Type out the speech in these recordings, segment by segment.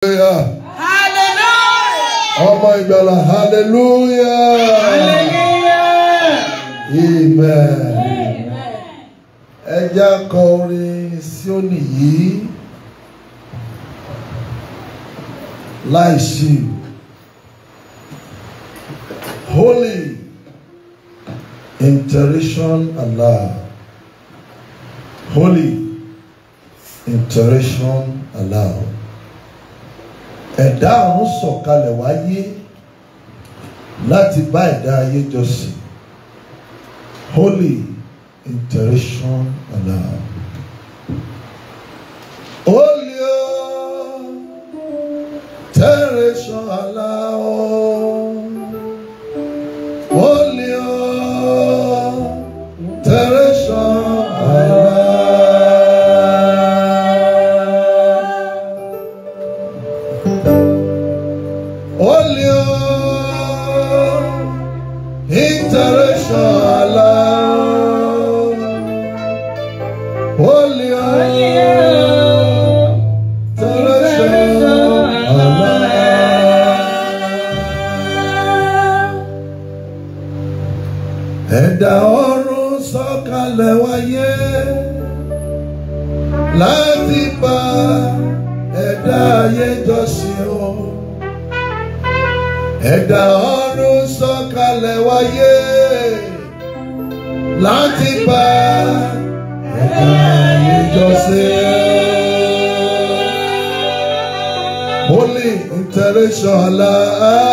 hallelujah. hallelujah. ọmọ ìgbàlà hallelujah. hallelujah. amen. ẹ já kọ orin Síónì yìí láì sí holy interaction Allah holy interaction Allah ẹ̀dá ọ̀run sọ̀kalẹ̀ wáyé láti bá ẹ̀dá ayé jọ́sìn holy interaction allow. Holy oh, interaction allow. láti bá ẹ̀dá ìjọsìn. Holy Intervention Allah.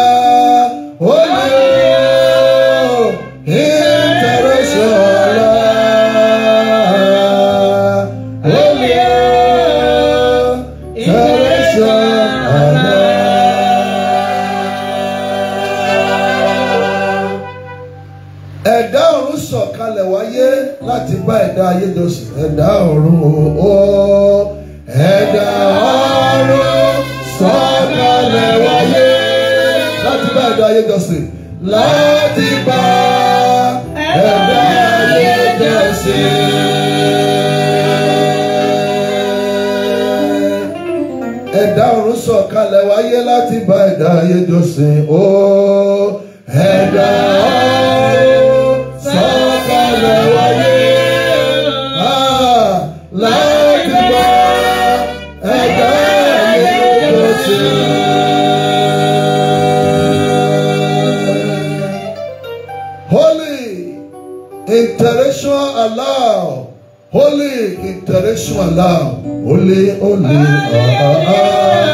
ayé tó ṣẹ̀dá ọ̀run o ẹ̀dá ọ̀run sọ̀kalẹ̀ wáyé láti bá ẹ̀dá ayé jọ́sìn láti bá ẹ̀dá ayé jọ́sìn. ẹ̀dá ọ̀run sọ̀kalẹ̀ wáyé láti bá ẹ̀dá ayé jọ́sìn o. Holy international love. Holy, holy. Ah, ah, ah.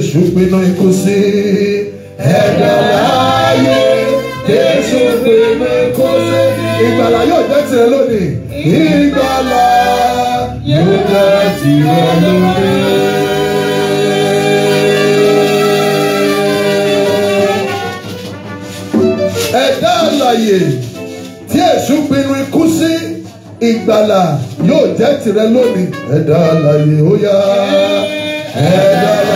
Jésù gbiná ikú sí. Ẹ̀dá láyé Jésù gbiná ikú sí. Ìgbàlà yóò jẹ́ tirẹ̀ lónìí. Ìgbàlà yóò jẹ́ tirẹ̀ lónìí. ẹ̀dá àlàyé tí èṣù pinnu ikú sí yóò jẹ́ tìrẹ lónìí ẹ̀dá àlàyé ó yá ẹ̀dá àlàyé.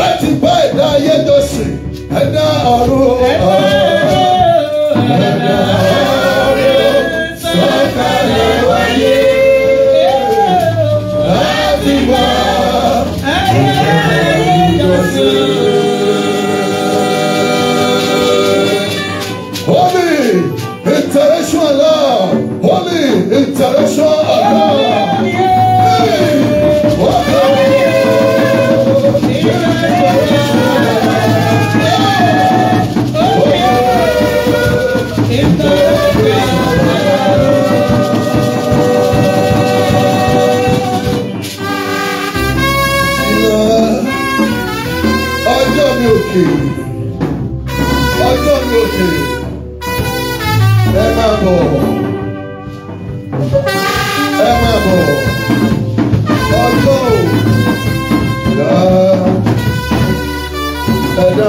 láti bá ẹ̀dá ayé dọ̀sìn ẹ̀dá ọ̀run ọ̀run ẹ̀dá ọ̀run sọ̀kalẹ̀ wáyé láti bá ẹ̀dá ayé dọ̀sìn. Holy international love, holy international.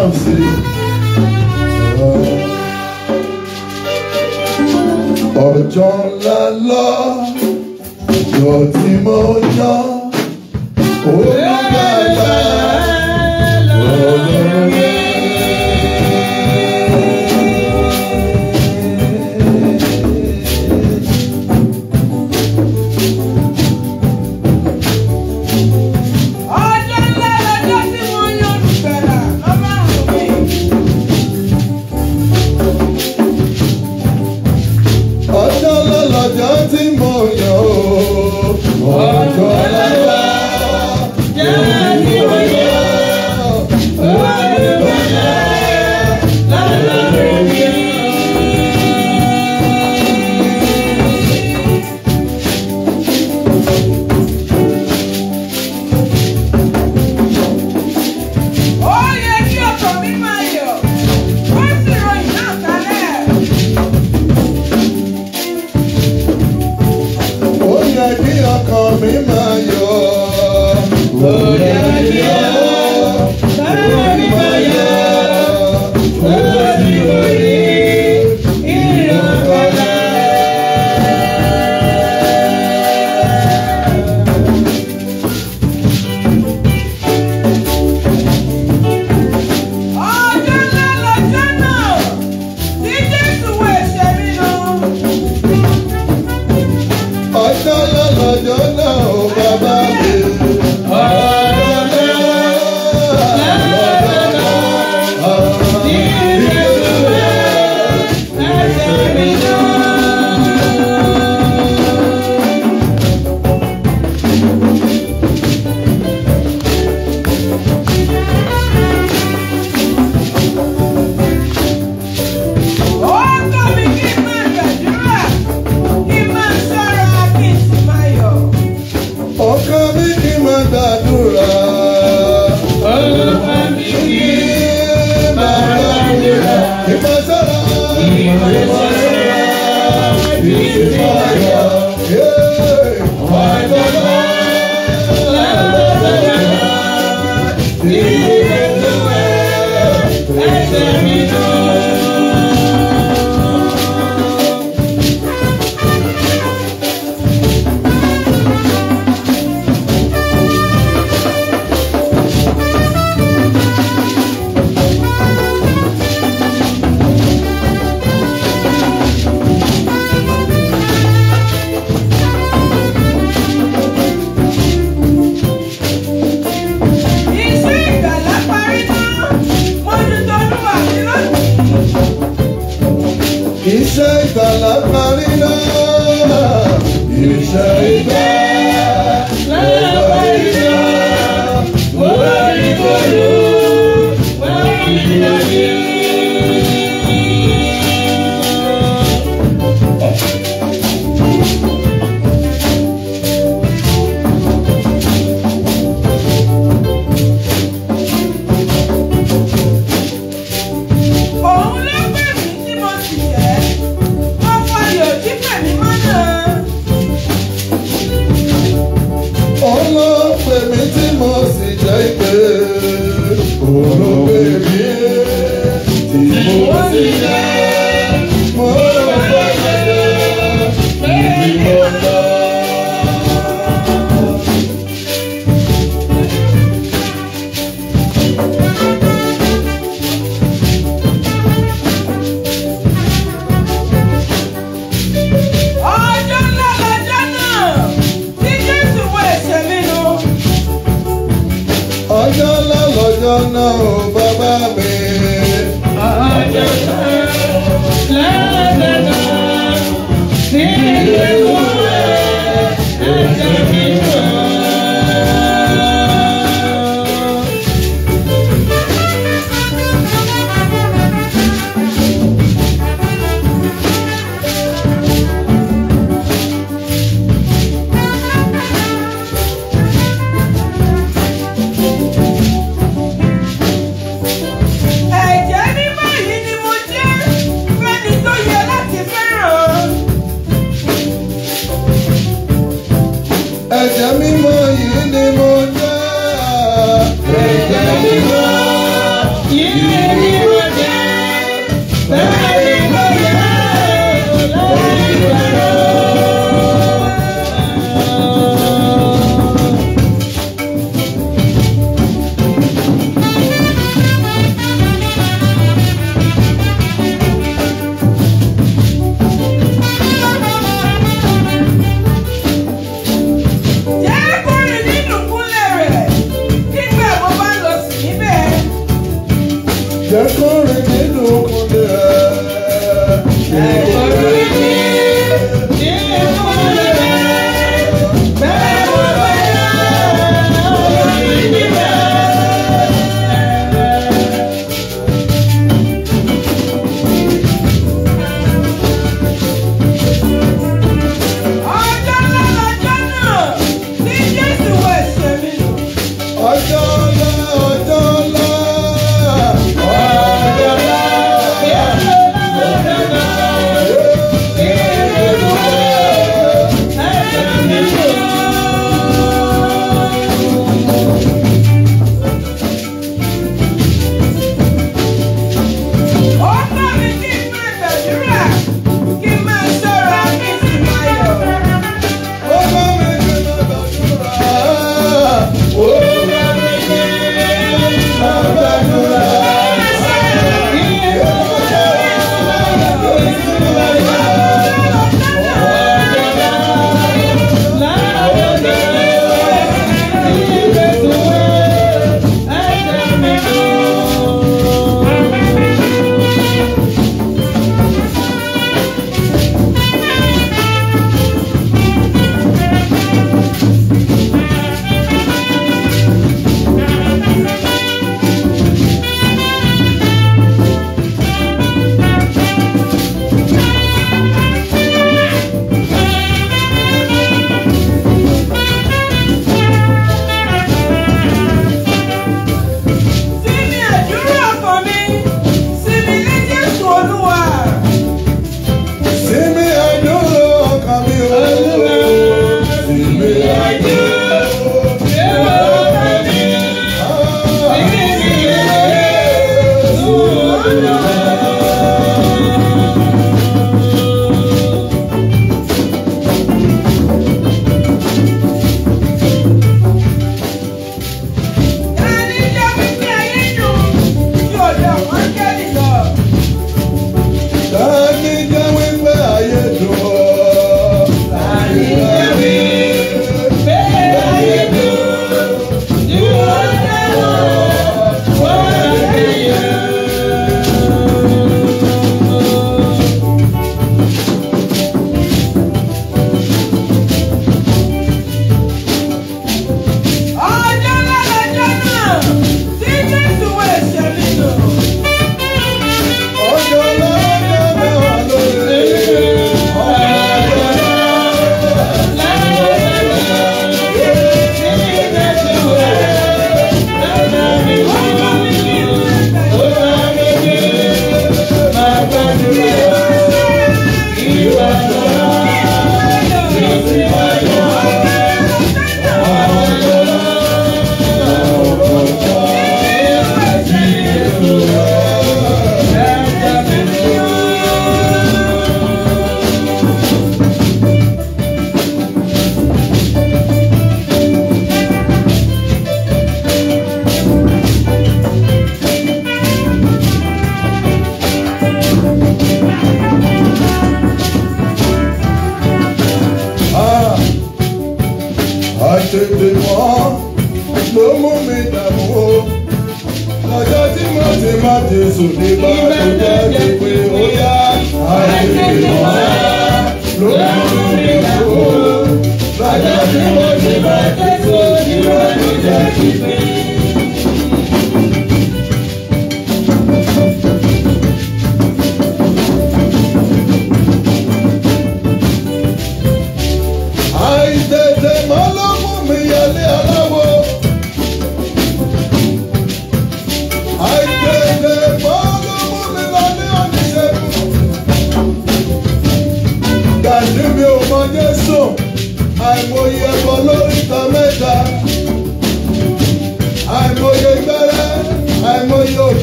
Oh, City. Ọjọ́ ńlá lọ, ọjọ́ tí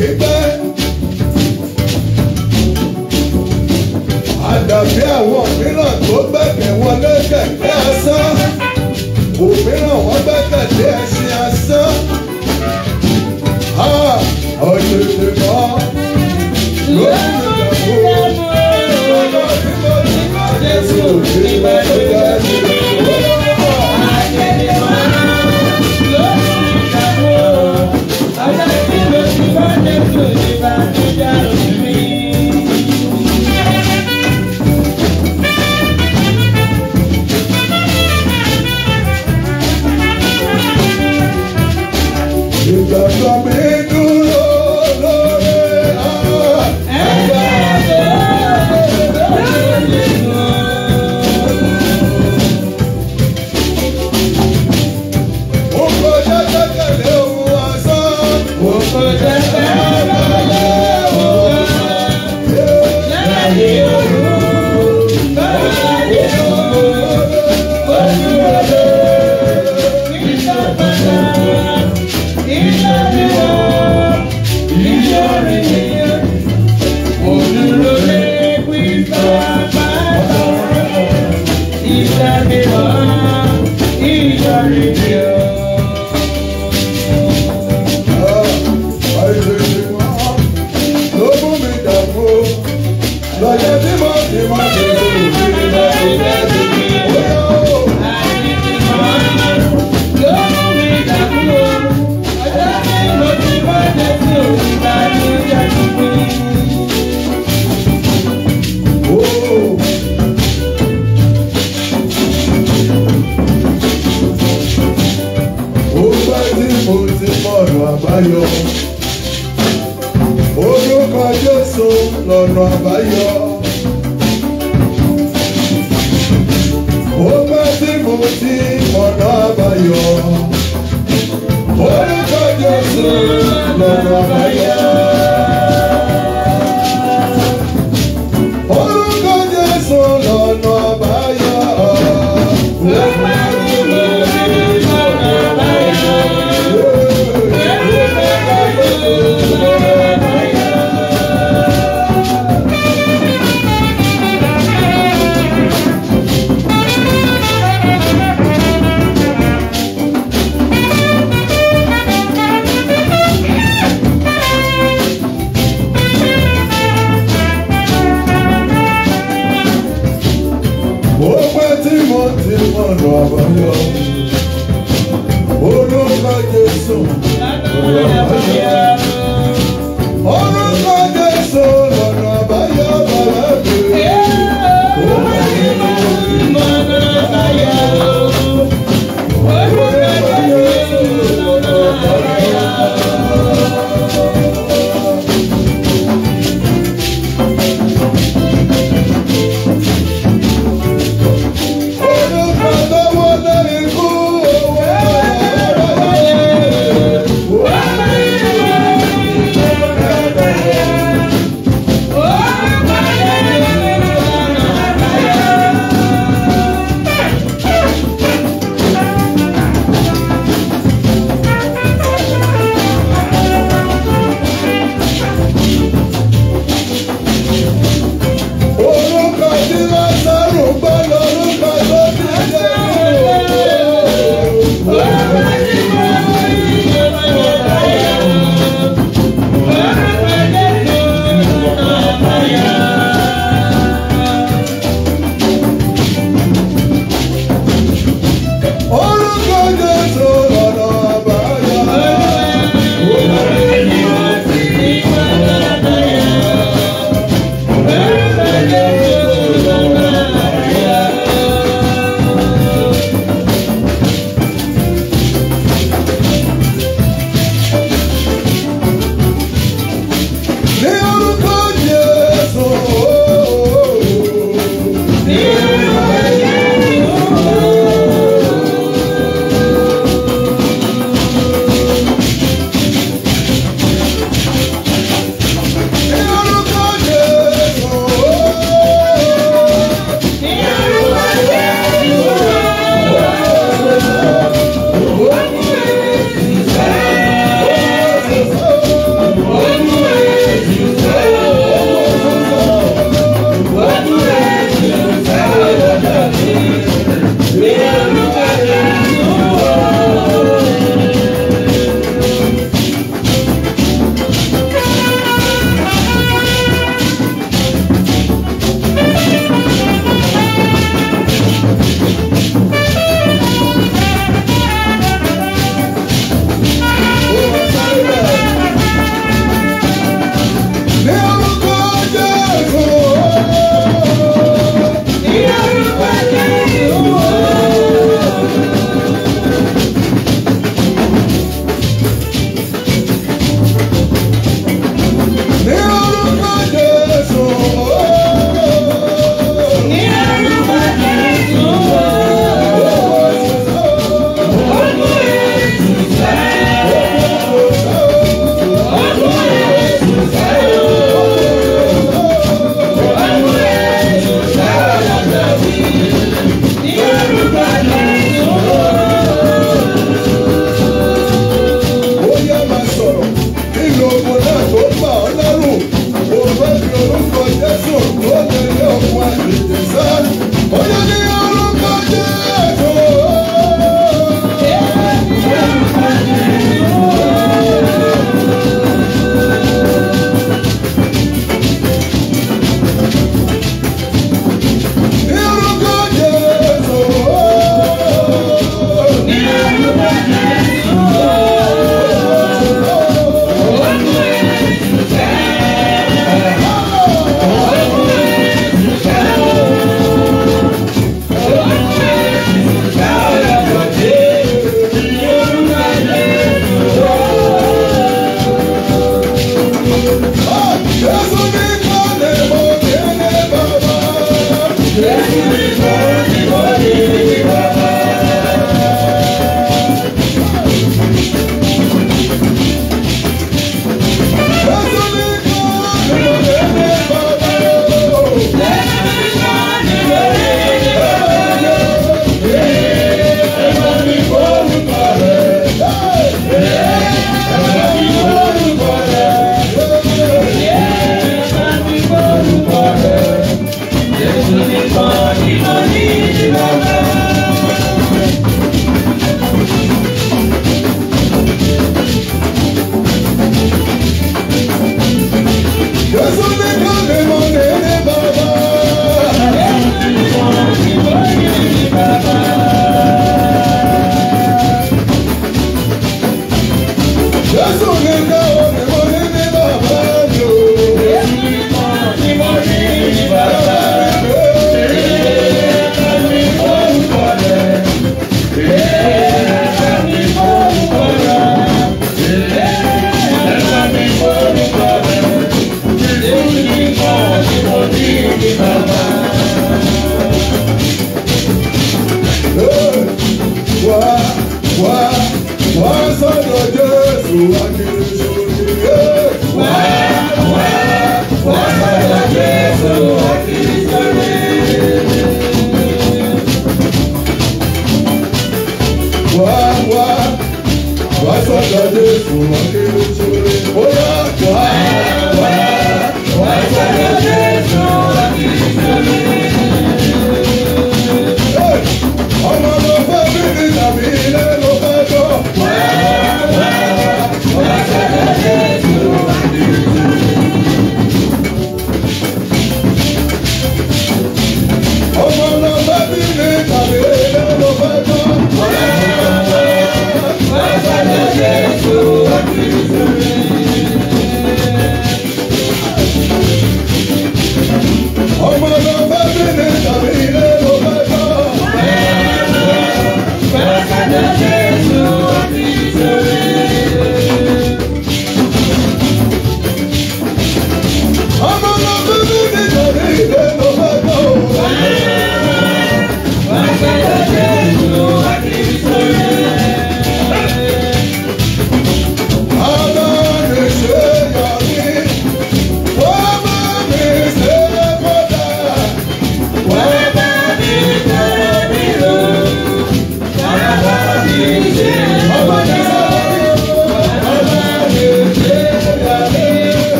ṣègbè. Àdàbí àwọn mìíràn tó gbẹ̀gbẹ̀ wọn lẹ́gbẹ̀gbẹ́ asán. Òmíràn wọ́n gbẹ́kẹ̀lé ẹṣin asán. Ọ̀dùnkùn náà. go.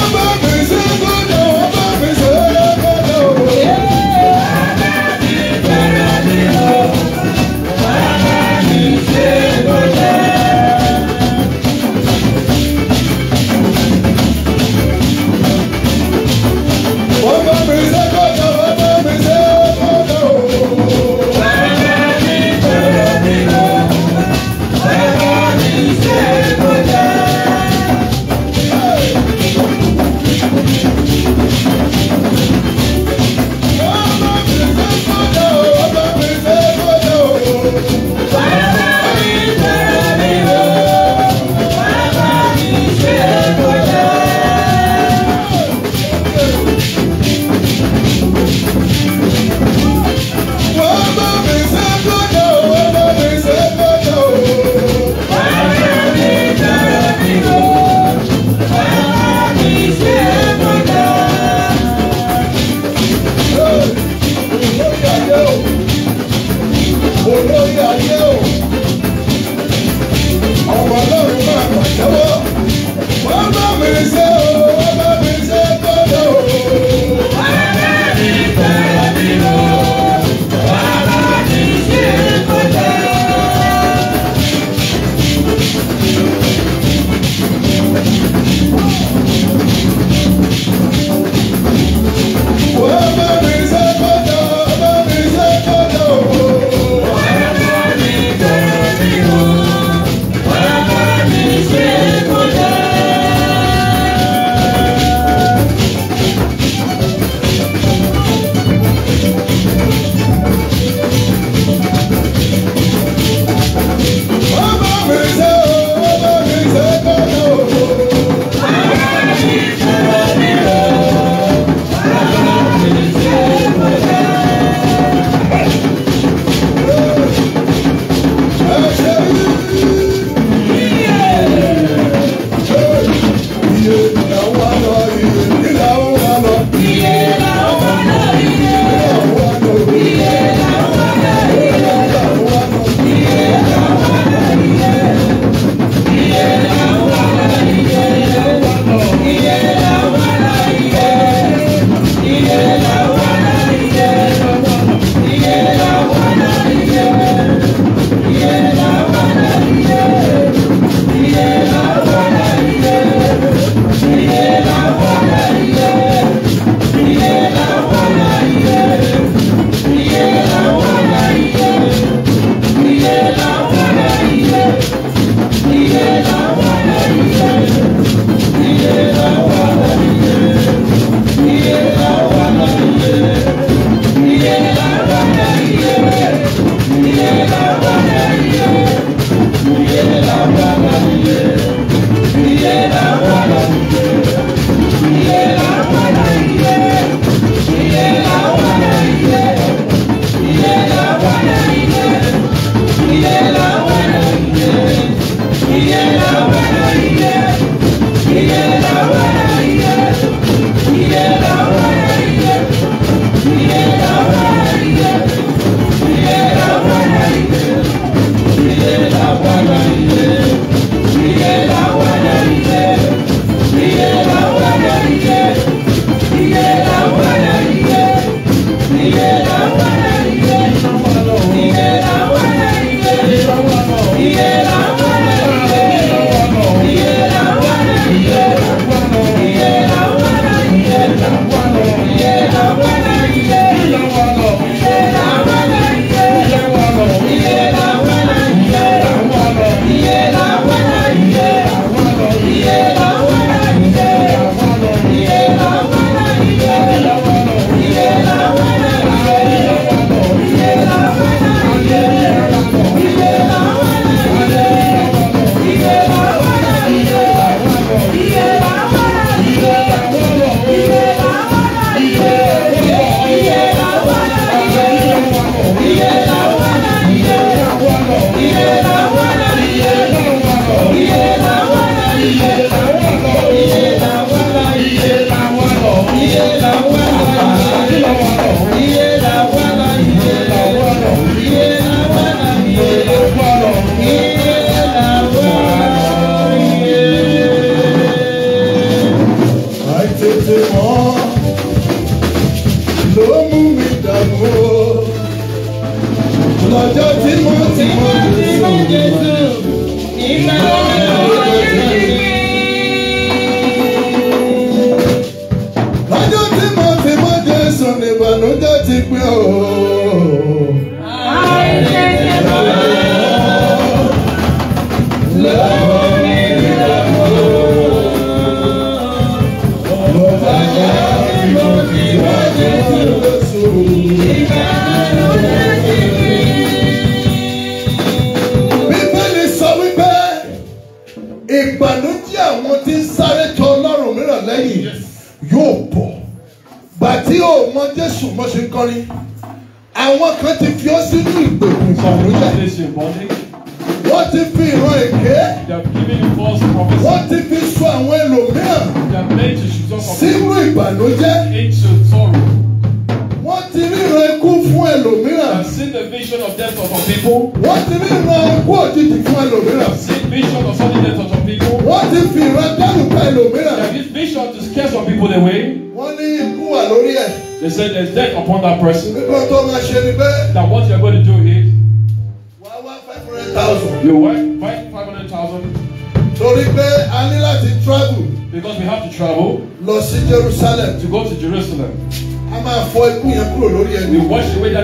Hamburger!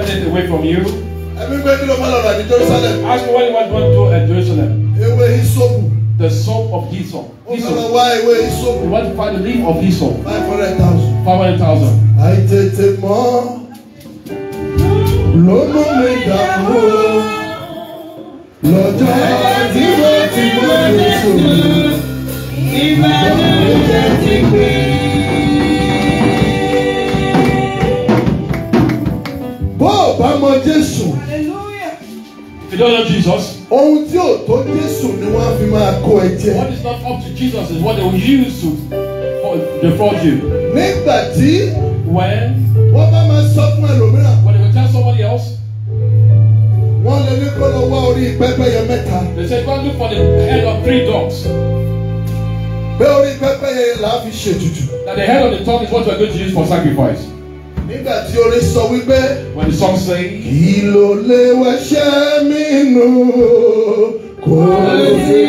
kept it away from you. Ask me what he was going to at uh, Jerusalem. Ewé Hisopu. The soap of Hisopu. Ó máa lọ He went to find the leaf of Hisopu. Five hundred thousand. Five hundred thousand. kó ẹ̀jẹ̀. What is not up to Jesus is what they will use to defraud you. Nígbà tí. When. Wọ́n bá máa sọ fún ẹlòmíràn. When they will tell somebody else. Wọ́n lè ní kó lọ wá orí pẹ́pẹ́yẹ mẹ́ta. They say go look for the head of three dogs. Pé orí pẹ́pẹ́yẹ là á fi ṣètùtù. That the head of the dog is what we are going to use for sacrifice. Nígbà tí orin sọ wípé. When the song say. Kí ló lè wá ṣẹ́ mi nù? Kò sí.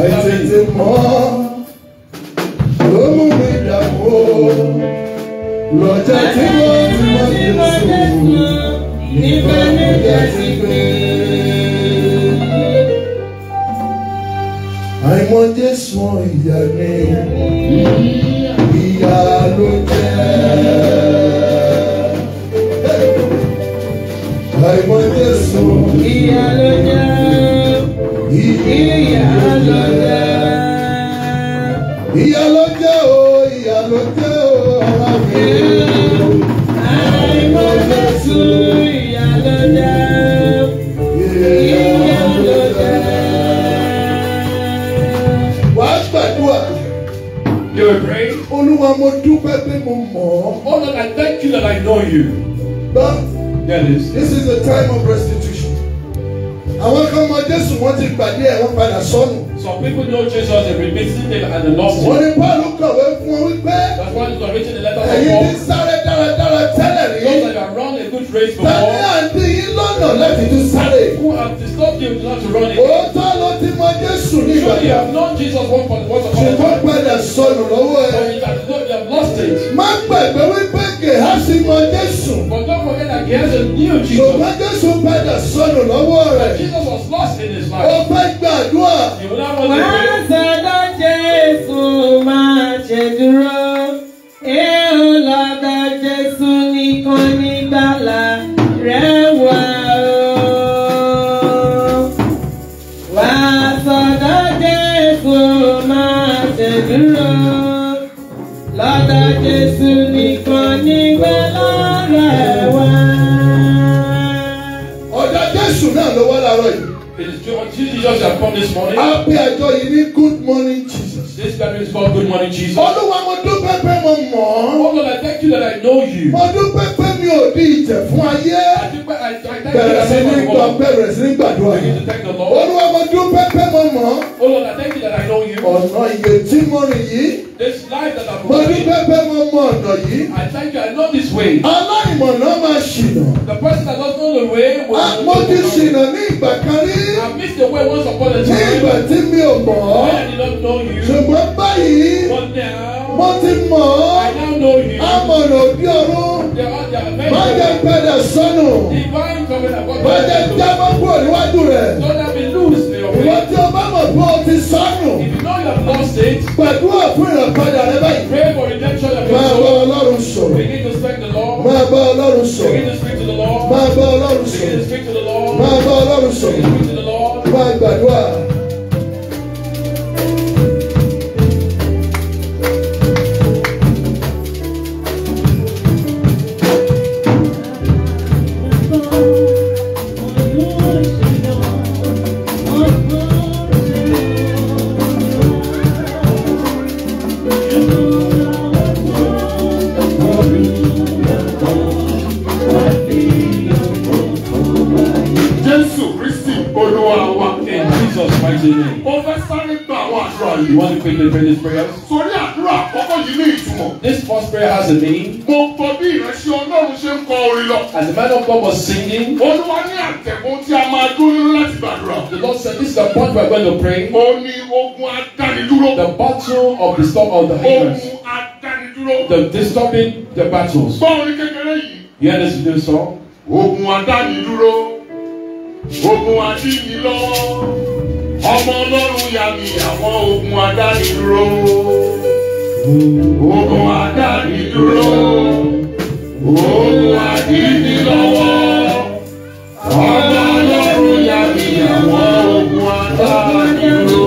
I think more. ẹ̀jẹ̀ fún ayé bẹ̀rẹ̀ sí ní gbọ́ bẹ̀rẹ̀ sí ní gbàdúrà olúwa mo dúpẹ́ pé mo mọ̀ oh, ọ̀nà iye tí mo rìn yìí. This life that I'm Mo rí pẹ́pẹ́ mo mọ ọ̀nà yìí. I thank you, I know this way. Aláìmọ̀nà máa ṣìnà. The person that doesn't know the way will. Ah, mo ti ṣìnà ní ìgbà kan rí. I miss the way once upon a time. Ní ìgbà tí mi ò mọ̀ ọ́. I did not know you. Ṣùgbọ́n báyìí. But now. Mo ti mọ̀ I now know you. Amọ̀nà òbí ọ̀run. Má jẹ́ padà sọ́nù. Divine governor. Má jẹ́ jábọ́ kúrò níwájú rẹ̀. Don't let ìrètí ọba mọ̀ fún ọ ti if you know you have lost it. but gbàdúrà fún ìrànpadà rẹ báyìí. pray for redemption of your soul. to bá ọlọ́run sọ̀rọ̀. begin to speak to the Lord. to máa bá ọlọ́run sọ̀rọ̀. begin to speak to the Lord. máa bá begin to speak to the Lord. máa bá begin to speak to the Lord. prayers. Sori àdúrà àkọ́kọ́ yìí ní ìtumọ̀. This first prayer has a meaning. Mo kọ bí ìránṣẹ́ Ọlọ́run ṣe ń kọ orin lọ. As the man of God was singing. Olúwa ní àtẹ̀kùn tí a máa dúró láti gbàdúrà. The Lord said this is the point we are going to pray. Ó ní ogun adánidúró. The battle of the storm of the heavens, Ogun adánidúró. The disturbing the battles. Gbọ́ orin kékeré yìí. Hear this new song. Ogun adánidúró. Ogun adínilọ́wọ́ ọmọ ọlọ́run ya mi àwọn ogun adánidúró ogun adánidúró ogun adínilọ́wọ́ ọmọ ọlọ́run ya mi àwọn ogun adánidúró.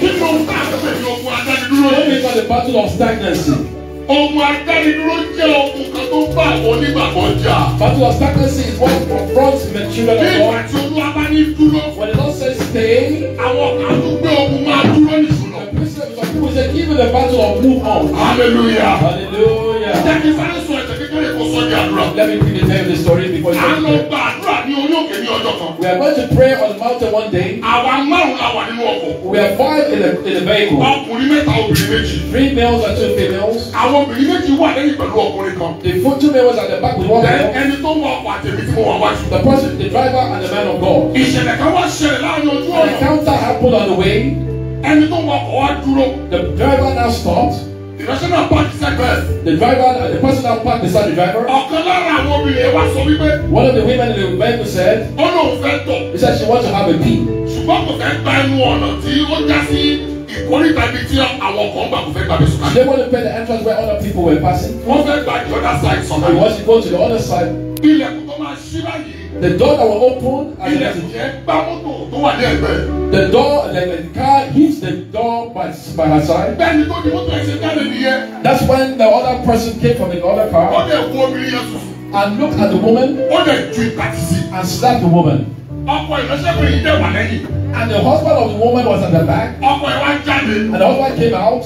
Keep on back with your ogun adánidúró. Let me call the battle of stagnancy. Ohun adánidúró jẹ́ ohun kan tó bá àwọn onígbàgbọ́ jà. Battle of stagnancy is what confronts the children of God. Bí ìgbà tí olúwa bá ní dúró. When the Lord says stay. Àwọn kan tó gbé ogun máa dúró nìṣúná. The prisoner of people say give the battle of move on. Hallelujah. Hallelujah. Jẹ́ kí sáré sọ ẹ̀jẹ̀ kékeré kó sọ ní Let me quickly tell you the story before you go ní orí ní ọjọ́ kan. we are going to pray on the mountain one day. àwa márùn la wà nínú ọkọ̀. we are five in the in the vehicle. ọkùnrin mẹ́ta obìnrin méjì. three males and two females. àwọn obìnrin méjì wà lẹ́yìn pẹ̀lú ọkùnrin kan. the four two males at the back with one girl. ẹni tó wọ ọkọ̀ àtẹ̀mí tí mo wà wájú. the person the driver and the man of God. ìṣẹ̀lẹ̀ kan wá ṣẹlẹ̀ láàrin ojú ọ̀nà. an encounter happened on the way. ẹni tó wọ ọkọ̀ wá dúró. the driver now stopped person recreational park segment. the driver the person that parked beside the driver. one of the women in the vehicle said. ó lóun fẹ́ tọ̀. he said she wants to have a pee. She kò want to pay the entrance where other people were passing. wọ́n fẹ́ the other side he wants to go to the other side. The door that was opened. The door the, the car hits the door by, by her side. That's when the other person came from the other car. And looked at the woman. And slapped the woman. And the husband of the woman was at the back. And the husband came out.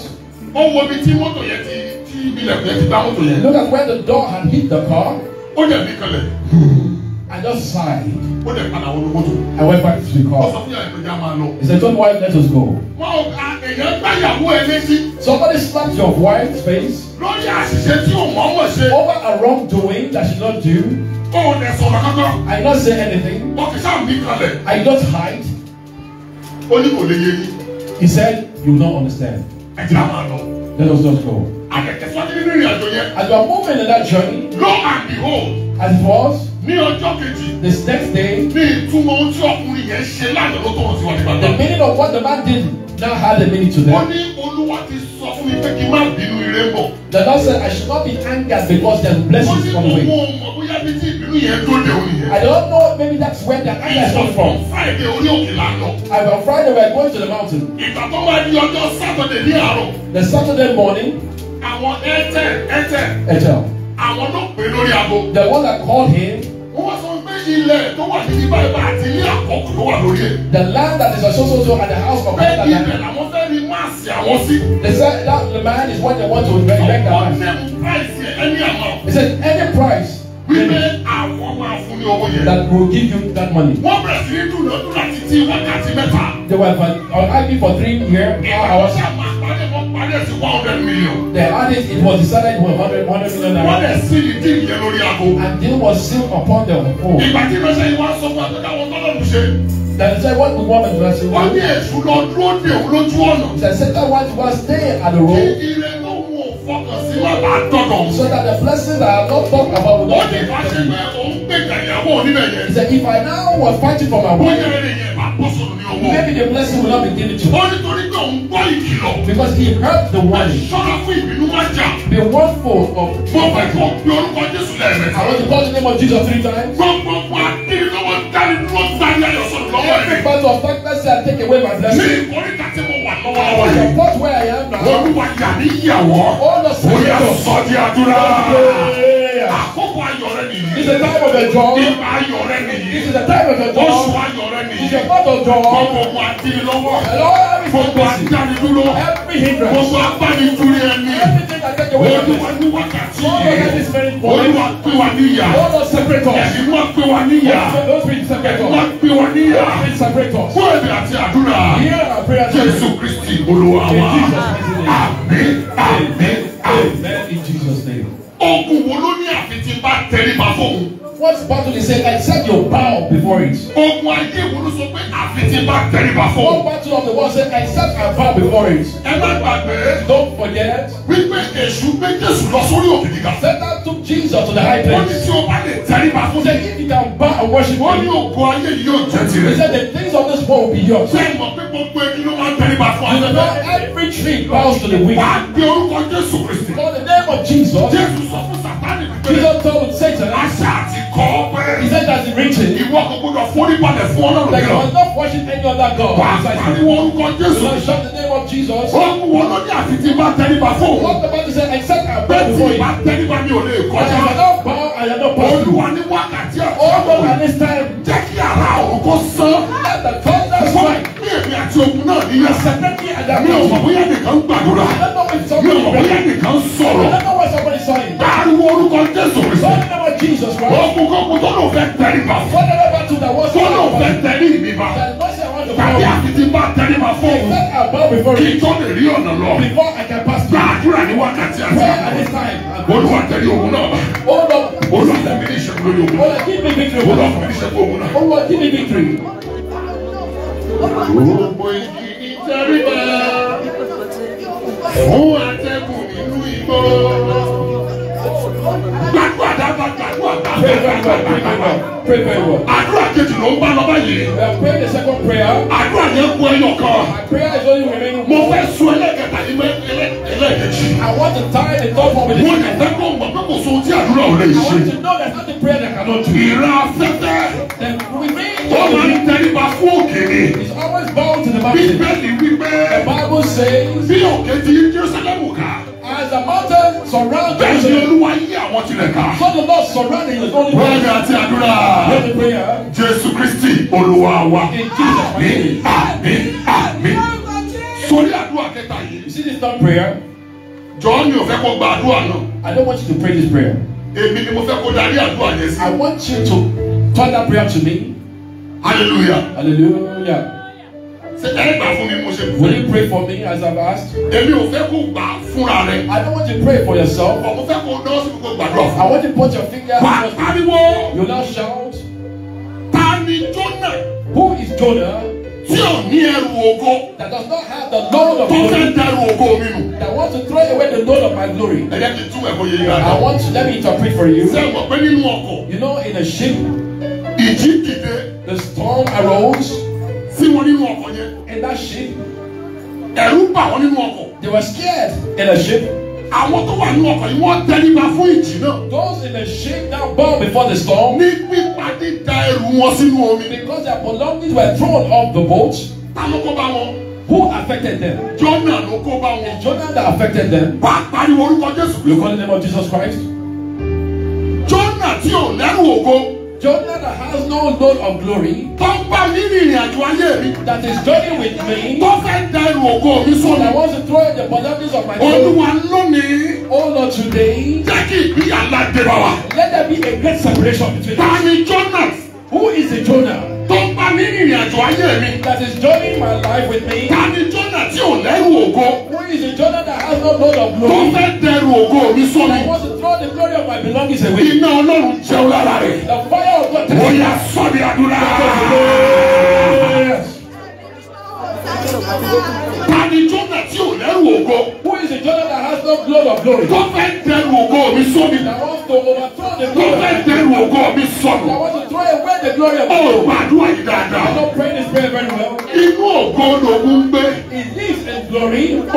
Look at where the door had hit the car. I just sighed. Ó lè padà wọnú I went back to the car. Ó He said, don't worry, let us go. Somebody slapped your wife's face. Over a wrongdoing that she not do. O ò I not say anything. Mo kì í I don't hide. He said, you not understand. Let us just go. Àtẹ̀tẹ̀ sọ́jú nínú ìrìn As we are moving in that journey. Lo and behold. As it was ní ọjọ́ kejì. the next day. ní ìtumọ̀ ohun ọkùnrin yẹn ṣe lánàá ló tó wọn sí wọn ní bàbá. the meaning of what the man did now had a meaning to them. wọ́n ní olúwa ti sọ fún mi pé kí n má bínú ire bọ̀. the Lord said I should not be angered because their blessings come away. wọ́n ní mo mọ̀ bí tí ìbínú yẹn dóde òní yẹn. I don't know maybe that's where their anger is come from. Friday orí òkè la lọ. and on Friday we are going to the mountain. ìgbà tó máa di ọjọ́ Saturday ní àárọ̀. the Saturday morning. àwọn Airtel Airtel. Airtel. àwọn ló pè lórí abo. the one that called him the land that is also so so and the house of God. they say that the man is what they want to beg beg their man. he said any price. wípé àwọn máa fún ní owó yẹn. that will give you that money. wọ́n bẹ̀rẹ̀ sí ní dùn they were on IP for three years. Others is 100 million. The others, it was decided with hundred hundred million naira. Wọ́n lè sí ìdí ìyẹn lórí ago. And they was still upon them. Ìgbà tí ìrẹsẹ̀ yìí wá sọ fún àgbẹ̀ká wọn tọ́lọ̀ lù ṣe. That's why what the woman was saying. Wọ́n ní èṣù lọ dúró dé òun lójú ọ̀nà. The second one was there at the road. So that the blessings that I have not talked about will not be. He said if I now was fighting for my wife maybe the blessing will not be given to you because he heard the warning. sọ́ra fún ìbínú of. mo I want to call the name of Jesus three times. gbogbo wa kiri every part of darkness shall take away my blessing. the part where I am now. all the same. ó yà sọ́ di àdúrà. àkókò it's the time of the joy. This is the time of the dawn. Oṣù ayọ̀rẹ́ nìyí. It's the month of dawn. Gbogbo àdínlọ́wọ́. Gbogbo àdánidúró. Every hindrance. Gbogbo abánidúró ẹni. Everything that take away from us. Olúwa ní wákàtí yìí. Olúwa pè wá níyà. Lord of separators. Ẹ̀mí mọ́ pè wá níyà. Don't be separators. Ẹ̀mí mọ́ pè wá níyà. Don't be separators. Fún èmi àti àdúrà. Hear our prayer. Jésù Kristì Olúwa wa. Àmín àmín àmín. Ogun wo ló ní àfi tí bá tẹríba fóun? first battle he said I except you bow before it. ogun ajé ìwúlú sọ pé àfitì bá tẹríba one battle of the world said I except I bow before it. ẹ má gbàgbé. don't forget. wípé èṣù gbé Jésù lọ sórí òkè gíga. Satan took Jesus to the high place. wọ́n ní tí o bá lè tẹríba fún. he if you can bow and worship me. wọ́n ní ogun ayé yìí yóò jẹ́ tirẹ̀. he said the things of this world will be yours. bẹ́ẹ̀ mọ̀ pé gbogbo ẹni ló máa tẹríba fún. you know every tree bows to the wind. wàá gbé orúkọ Jésù Kristi. for the name of Jesus. Jésù sọ fún Jesus told Satan, He said he He it? up with a that's the phone. That you must not watching any other God. You I shout the name of Jesus. What the Bible says, except I bow before you. I am not bow, I am not bow. Oh God, at this time, let the thunder strike. èmi àti òun náà ni yẹn. Àṣàtẹ́kì àdàmú. Mi ò mọ̀ bóyá nìkan gbàdúrà. Mi ò mọ̀ bóyá nìkan sọ̀rọ̀. Bá Jesus? pariwo orúkọ Jésù Kristi ogun kókun tó lò fẹ́ tẹrí ba fún tó lò fẹ́ tẹrí mi ba tàbí àtìtì bá tẹrí ma fún òun kí tó lè rí ọ̀nà lọ gbàdúrà ní wákàtí àti olúwa tẹ̀lé òun náà oh, olúwa tẹ̀lé ìṣẹ́gun lórí òun náà oh, olúwa fún ìṣẹ́gun òun náà. Oh, Gbogbo igi ìtẹríba fún atẹ́gùn nínú igbó gbàgbọ́ àdàbà gbàgbọ́ àgbàgbọ́ àgbàgbọ́ àdúrà kejì ló ń bá lọ báyìí. àdúrà yẹn kú ẹyọ kan. mo fẹ́ sun ẹlẹ́kẹta yìí mẹ́ ẹlẹ́kẹjì. mo lè fẹ́ kó mọ̀ pé kò sóhun tí àdúrà ò lè ṣe. ìrà afẹ́fẹ́ tó máa ń tẹríba fún òkèèrè. bíbélì wípé bí òkè ti Jerusalem kà the mountain surrounding. you. bẹ́ẹ̀ olúwa yí àwọn tirẹ̀ ká. so the Lord surrounding his only people. wọ́n àti àdúrà. wọ́n ti pray. Jésù Kristi olúwa wa. àmín àmín àmín. sórí àdúrà kẹta yìí. you see this third prayer. jọ̀ọ́ mi ò fẹ́ kó gba àdúrà náà. I don't want you to pray this prayer. Èmi ni mo fẹ́ kó darí àdúrà yẹn sí. I want you to turn that prayer to me. Hallelujah. Hallelujah. Will you pray for me as I've asked? I don't want you to pray for yourself. I want you to put your finger. You now shout. Who is Jonah? that does not have the load of glory. that wants to throw away the load of my glory. I want to let me interpret for you. you know in a ship. the storm arose sí wọn nínú ọkọ̀ yẹn. in that ship. ẹ̀rù bà wọ́n nínú ọkọ̀. they were scared in the ship. àwọn tó wà nínú ọkọ̀ yìí wọ́n tẹríba fún ìjì náà. those in the ship now bow before the storm. ní pípa dídà ẹrù wọn sínú omi. because their belongings were thrown off the boat. ta bá wọn. Who affected them? Jonah ló kó bá wọn. Jonah that affected them. Wá pariwo orúkọ Jésù. You call the name of Jesus Christ. Jonah tí ò lẹ́rù ògo. Jonah that has no load of glory. that is joining with me. tó fẹ́ da ẹrù ògo mi I want to throw in the bodies of my soul. olúwa lónìí. O Lord today. jẹ́ kí ìgbéyàwó dé bá let there be a great separation between us. ta Who is the Jonah? Tó ń bá mi rìnrìn àjò ayé mi. That is joining my life with me. Ta ni Jonah tí ò lẹ́rù ògo? Who is the Jonah that has no load of glory? Tó fẹ́ dẹrù ògo mi sọ́nà. I want to throw the glory of my belongings away. Iná Ọlọ́run jẹun lára rẹ̀. The fire of God. Ó yá sọ́bi àdúrà. Tani Jọ́nà tí ò lẹ́rù ògo. Who is the Jonah that has no blood of glory? Tó fẹ́ dẹrù ògo mi sómi. Tó fẹ́ dẹrù ògo mi sọnù. Ó bá àdúrà yìí dáadáa. Inú ògo lògùn ń gbé.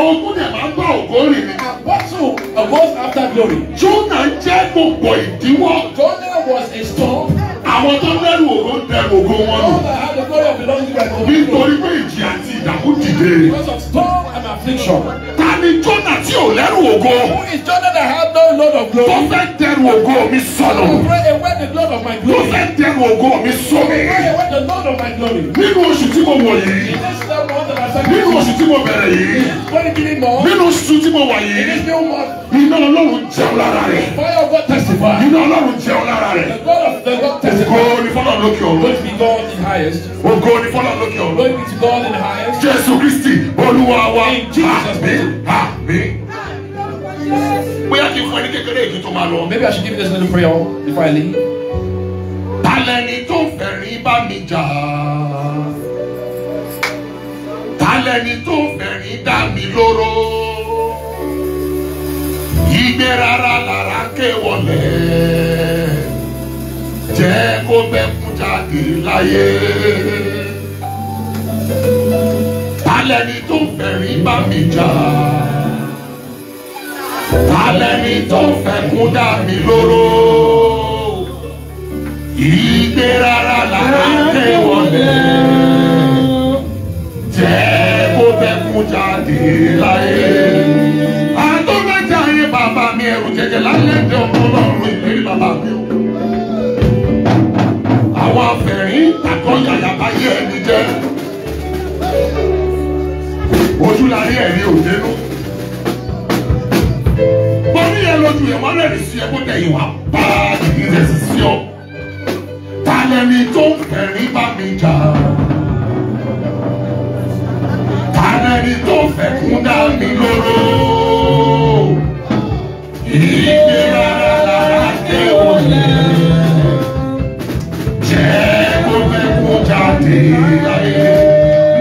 Ogún dẹ̀ máa ń bá ògo rìn ni. Apostle of God after glory. Jọ́nà jẹ́ gbogbo ìdíwọ́. Jonah was a storm àwọn tó lẹ́rù ògo ń tẹ ògo wọn nù. nítorí pé ìjì àti ìdààmú dìde. ta ni jọ́nà tí ò lẹ́rù ògo. tó fẹ́ dẹrù ògo mi sọnù. tó fẹ́ dẹrù ògo mi sómi. nínú oṣù tí mo wọ̀ yìí. nínú oṣù tí mo bẹ̀rẹ̀ yìí. nínú oṣù tí mo wà yìí iná ọlọ́run jẹun lára rẹ̀ iná ọlọ́run jẹun lára rẹ̀ ògo ni fọlọ́ lókè ọ̀run ògo ni fọlọ́ lókè ọ̀run jésù kristi olúwa wa àmín àmín. bóyá kí n fún ẹni kékeré èyí tó máa lọ. maybe I should give you this little prayer before I leave. talẹ́ni tó fẹ̀rí bá mi jà talẹ́ni tó fẹ̀rí dá mi lóró igbe rárá lára ké wọlé jẹ́ kó bẹ́kún jáde láyé. Alẹ́ni tó fẹ̀rín bá mi jà. Alẹ́ni tó fẹ̀kún dá mi lóró. Igbe rárá lára ké wọlé jẹ́ kó bẹ́kún jáde láyé jẹjẹ lálẹ́dẹ̀ ọmọ ọlọ́run ìlérí bàbá mi o. Àwọn afẹ̀rín àkọ́yàyà báyé ẹni jẹ́. Ojú la rí ẹ̀rí òdenu. Gbọ́dọ̀ yẹn lójú yẹn wọ́n rẹ̀ sí ẹ kó tẹ̀yìn wá páàkì ìrẹsì sí ọ. Talẹ̀mí tó ń fẹ̀rín bá mi jà. Talẹ̀mí tó fẹ̀kún dá mi lóró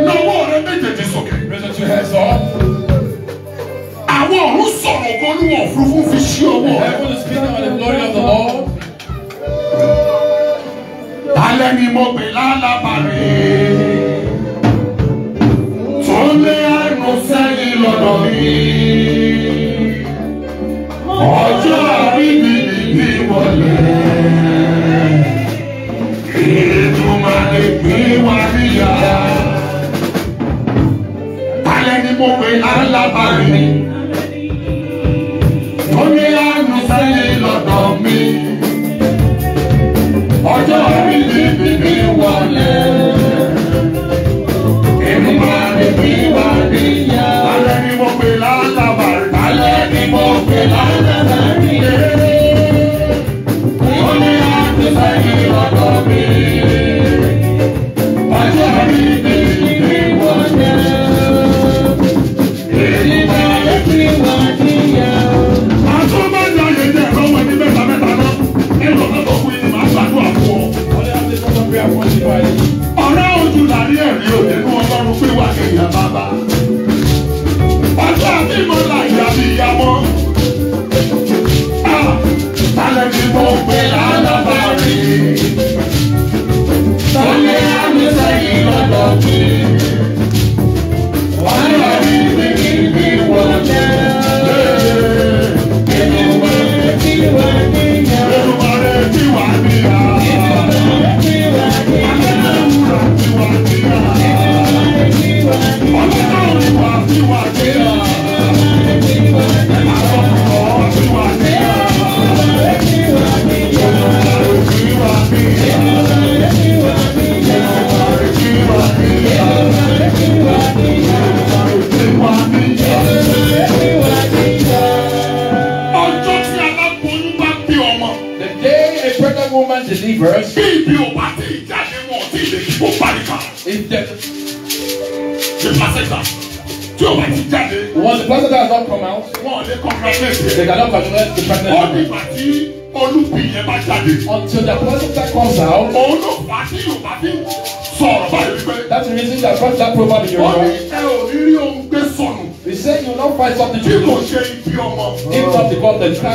lọ́wọ́ rẹ méjèèjì sókè. àwọn ọ̀run sọ̀rọ̀ olúwa òfurufú fi ṣí ọwọ́ rẹ. alẹ́ ni mo pè lálábàárẹ̀ tó lé àìmọ̀ sẹ́yìn lọ́dọ̀ mi ọjọ́ àbíbí mi wọlé. Ìtumọ̀ lè gbé wa níyà. Alẹ́ ni mo pe alábàárín mi. Omi àánú sẹ́yìn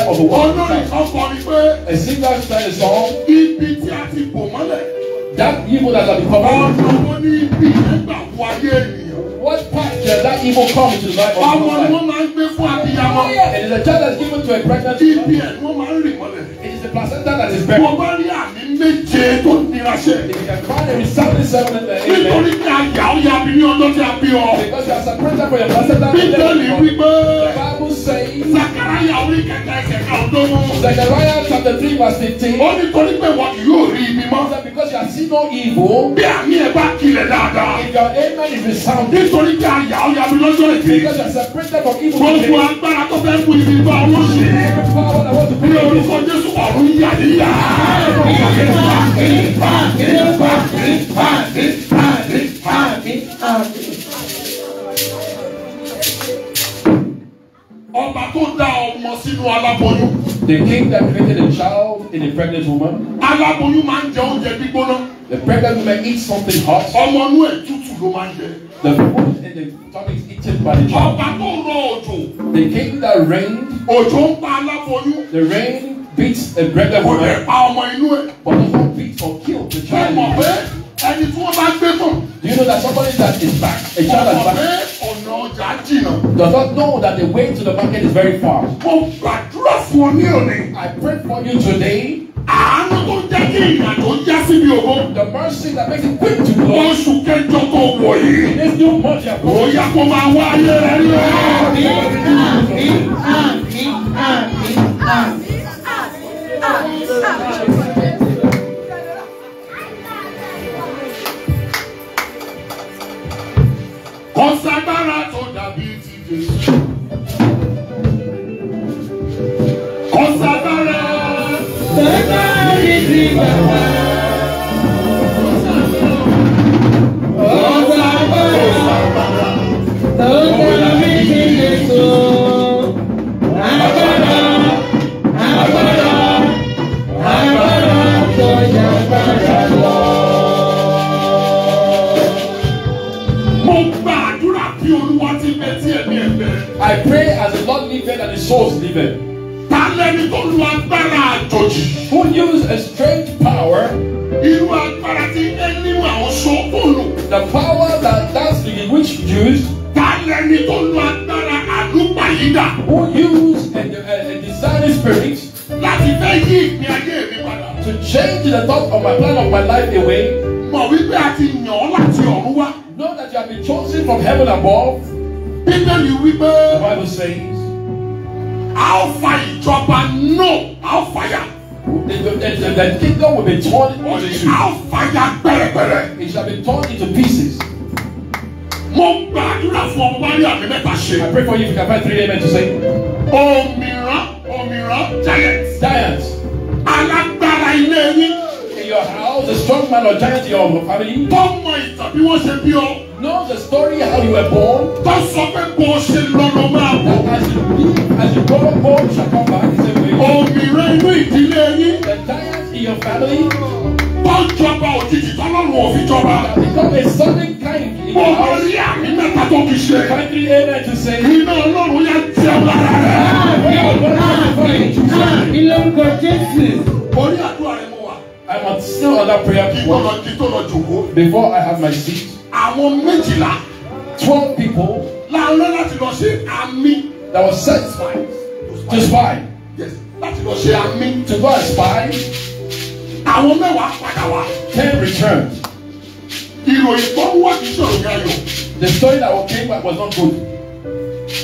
of a woman. olórí ọkùnrin pé. a singer sang song. ibi tí a ti bò mọ́lẹ̀. that evil that has been covered. ọ̀nà wo ibi yẹn gbà ayé ènìyàn. what part does that evil come into the life of a woman. àwọn ni wọ́n máa ń gbé fún abiyamọ. it is a child that is given to a pregnant woman. ibi ẹ̀ ni wọ́n máa ń rìn mọ́lẹ̀. it is the placenta that is buried. mo bá rí àmì méje tó nira ṣe. if you can find a seven in the amen. nítorí ó yà bí ní ọjọ́ tí a bí ọ. because you are separated from your Zechariah chapter three verse fifteen. ó ní torí pé wọn kì yóò rí ibi mọ́. he because you have seen no evil. bí àmì ẹ̀ bá kilẹ̀ dáadáa. if your amen is the resound. nítorí pé àyà ọ̀yà mi lọ́jọ́ èké. because you are separated from evil. gbogbo agbára tó fẹ́ fún ibi bá wọn ṣe. ní orúkọ Jésù ọ̀run yá yíyá. ìfà ìfà ìfà ìfà. The king that created a child in a pregnant woman. Aláboyún máa ń jẹ oúnjẹ gbígbóná. The pregnant woman eats something hot. Ọmọ inú ẹ̀ tútù ló máa ń jẹ. The food in the stomach is eaten by the child. Ọba tó rọ òjò. The king that rained. Òjò ń pa aláboyún. The rain beats a pregnant woman. Kò lè pa ọmọ inú ẹ̀. But the hot beat or kill the child. Ẹ mọ̀ pé ẹni tí wọ́n bá gbé tán. Do you know that somebody that is back, a child that is back ọjà jìnnà. does not know that the way to the market is very far. mo gbàdúrà fún ọ ní òní. I pray for you today. àánú tó jẹ́ kí ìyà tó já sí mi ògo. the mercy that makes it quick to blow. oṣù kẹjọ tó wọ̀ yìí. this new month yà kó. ó kó máa wá ayé rẹ rí o. àmín àmín àmín àmín àmín àmín. Ọ̀sán gbára I pray as the Lord liveth and the souls live liveth ẹni tó lu agbára àjòjì. who use a strange power. irú agbára tí ẹni àwọn sọ́kò lò. the power that that's the witch use. ta lẹni tó lu agbára àdúgbàyídà. who use a, a, a desiring spirit. láti fẹ́ yí ìpín ayé mi padà. to change the thought of my plan of my life away. mọ̀ wípé a ti yàn ọ́ láti ọ̀run wá. know that you have been chosen from heaven above. bíbélì wípé. the bible says. I'll alfa ìjọba no I'll fire. The, the, the, the kingdom will be torn into two. Alfa ya pẹ̀rẹ̀pẹ̀rẹ̀. It shall be torn into pieces. I pray for you if you can find three amen to say. Oh, Òmìrán oh, Giant. giants, giants. yín. In your house, a strong man or giant in your family. Tọ́mọ ìtàn bí wọ́n ṣe bí ọ. Know the story how you were born. Tó sọ pé bó ṣe lọ́nà máa As you leave, as you up, you shall come back the same way. Òmìnira inú ìdílé yín. The giants in your family. Tó jọba òjijì tọ́lọ́run òfin jọba. Become a sudden kind. Mo mọ rí àmì mẹ́ta tó fi ṣe. Kindly amen to say. Iná Ọlọ́run yẹn jẹun lára rẹ̀. Ah, ah, ah, ilé ń kọ Jésù. Orí àdúrà rẹ̀ mo I am still on prayer. Before I have my seat àwọn méjìlá twelve people láàrin láti lọ ṣe àmì that was set by to spy yes láti lọ ṣe àmì to go and spy àwọn mẹ́wàá padà wá ten returned. ìròyìn tó ń wá kí sọ̀rọ̀ yẹn the story that was came back was not good.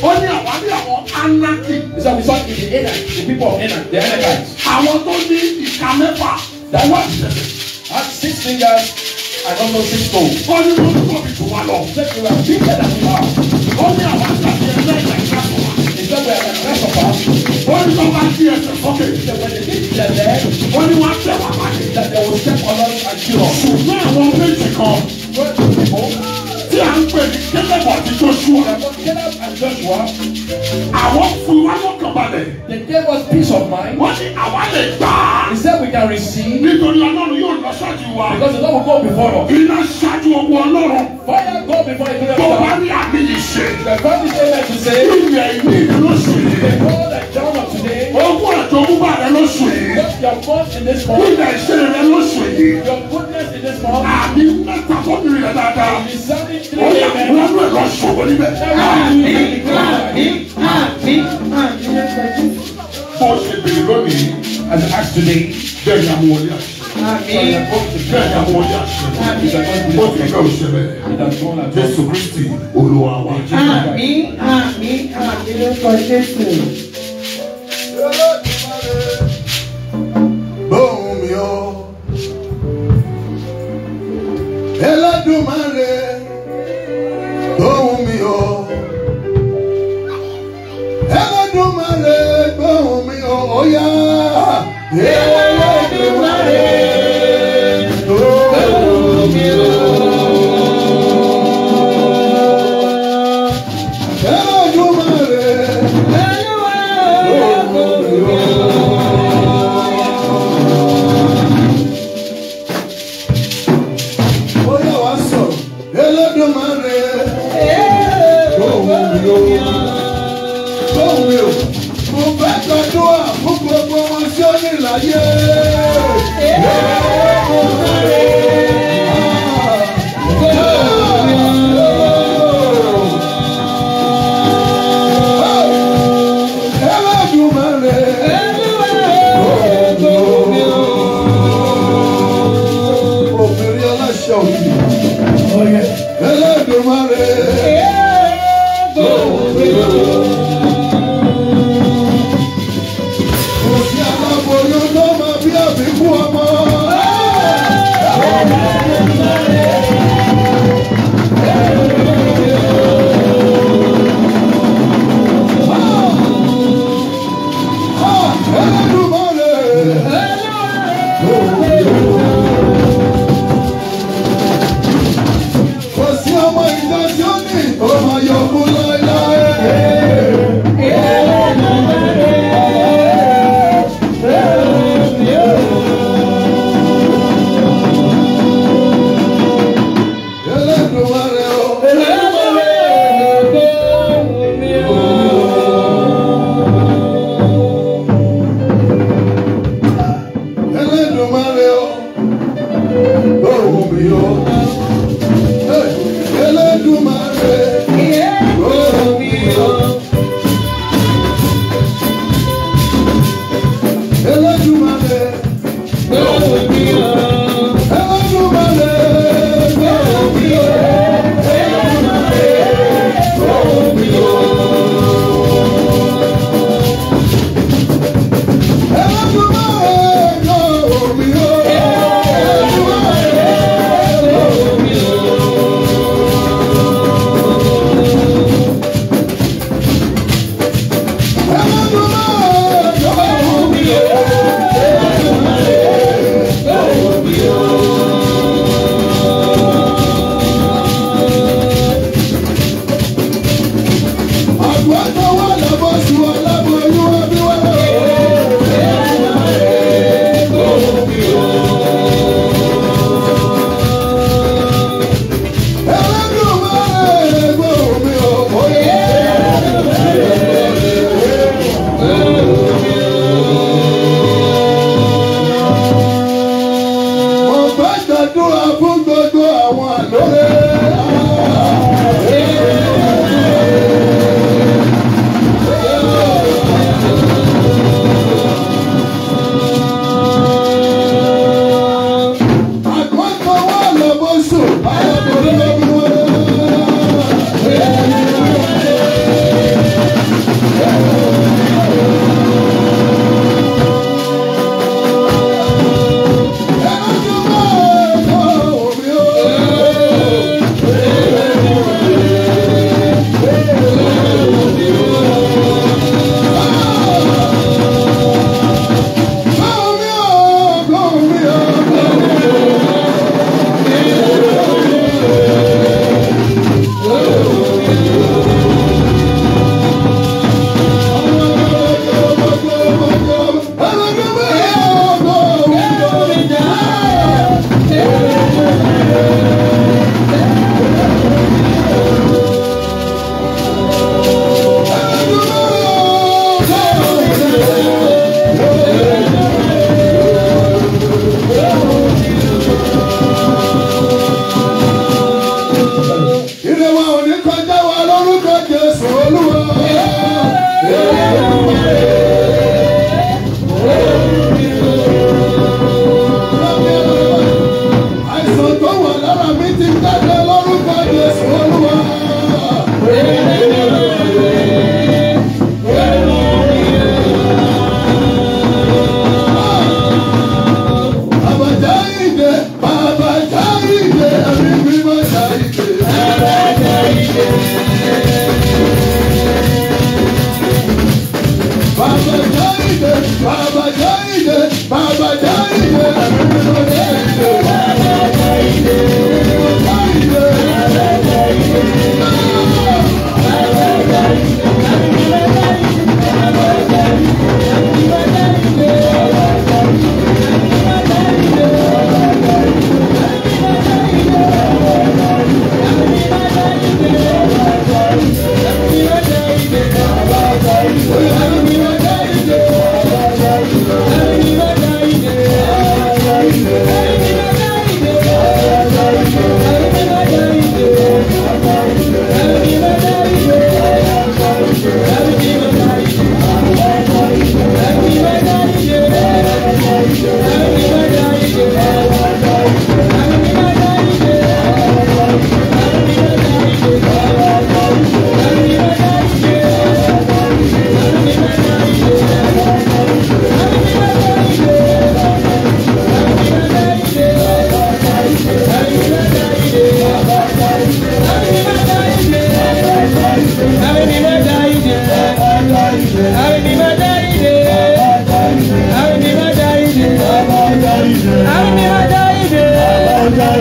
ó ní àwọn àbí àwọn anaki. he said we saw in the Enak the people of Enak the Enakites. àwọn tó ní ìka mẹ́fà. that was had six fingers I don't know things Only one six gold. Wọ́n ní wọ́n kọ́ mi jù wá lọ. Ṣé ìwà tí ń bẹ̀rẹ̀ sí that Wọ́n the àwọn àgbàdo ẹgbẹ́ ìgbà ìgbà kan wá. Ìjọba ìgbà ìgbà kan wá. Wọ́n ní wọ́n bá ti ẹsẹ̀ sókè. Ìjọba ìgbà ìgbà Wọ́n ní wọ́n tẹ̀ wá pàdé. Ìjọba ìgbà ìgbà us lọ́dún àjírọ̀. Ṣùgbọ́n àwọn méjì kan. Wọ́n ti tí a ń pè ní Caleb àti Joshua. Àwọn fún wa lọ́kàn balẹ̀. They gave us peace of mind. Wọ́n ní àwa lè gbà. He said we can receive. Nítorí Ọlọ́run yóò lọ ṣáájú wa. Because the Lord will go before us. Iná ṣáájú ọwọ́ Ọlọ́run. Fire go before the Lord. Tó bá ní àmì yìí ṣe. The God is able to say. Ilẹ̀ ìlú ìdúró sí. The God that John of today owó àjogúnbá rẹ lóṣù yìí nígbà ìṣẹ̀lẹ̀ rẹ lóṣù yìí àmì mẹ́ta fọ́bìnrin rẹ dáadáa ó yà kó wọn lọ lọ́sùn wọlé bẹ́ẹ̀. àmì àmì àmì àmì. bó o ṣe bèrè lónìí and ask today bẹ́ẹ̀ ni àwọn wọlé àṣẹ. Jésù Kristi Olúwa wa. Àmín àmín àmín lórúkọ Jésù. Ẹlẹ́dùmarè gbóhùn mi o. Ẹlẹ́dùmarè gbóhùn mi o. Ó yá. Yeah. love.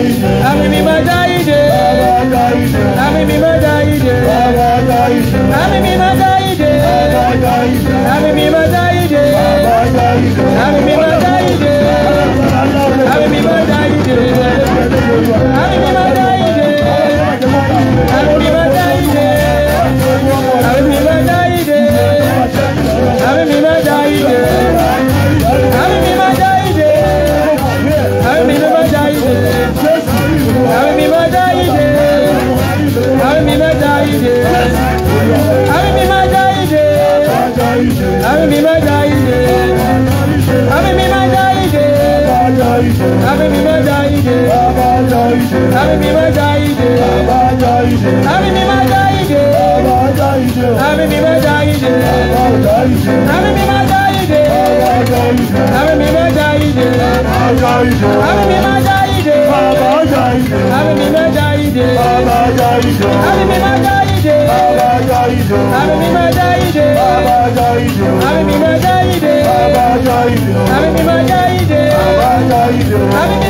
Amen. Jaide. Ami ma Jaide. Baba Jaide. Ami ma Jaide. Baba Jaide. Ami ma Jaide. Baba Jaide. Ami ma Jaide. Baba Jaide. Ami ma Jaide. Baba Jaide. Ami ma Jaide. Baba Jaide. Ami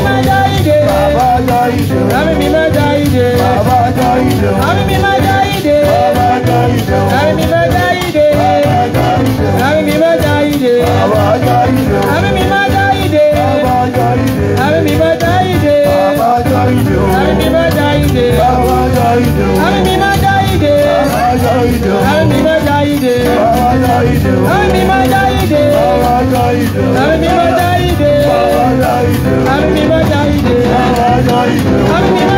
Baba Jaide o. Ẹni mẹ́ Jaide. Baba Jaide o. Ẹni mẹ́ Jaide. Baba Jaide o. Ẹni mẹ́ Jaide. Baba Jaide o. Ẹni mẹ́ Jaide. Baba Jaide o. Ẹni mẹ́ Jaide. Baba Jaide o. Ẹni mẹ́ Jaide. Baba Jaide o. Ẹni mẹ́ Jaide.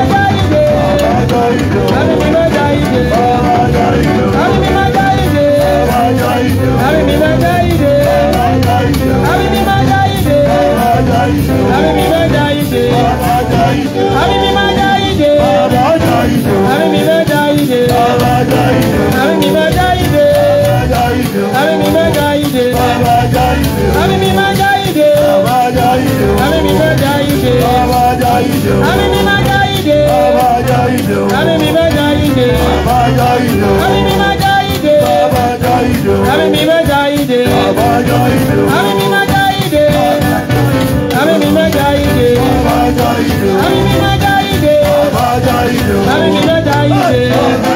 ìdè mi máa já ìdè. Bàbá já mi máa já ìdè. Bàbá já mi máa já ìdè. Bàbá já mi máa já ìdè. Bàbá já mi máa já ìdè. Àmì mi mi máa já ìdè. Bàbá já mi máa já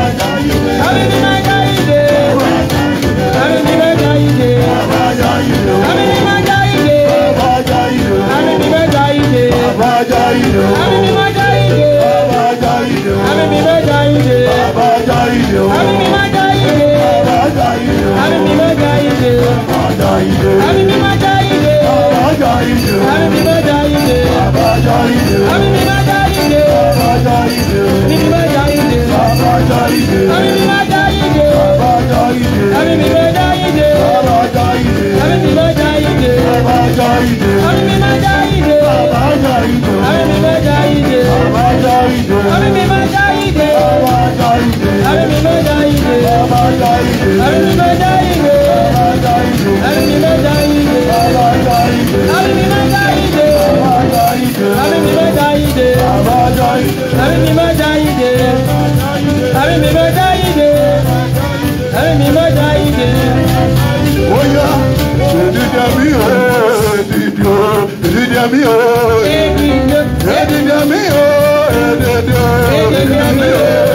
Abi mi dẹ mi o. Èdìdẹ mi o. Èdìdẹ mi o.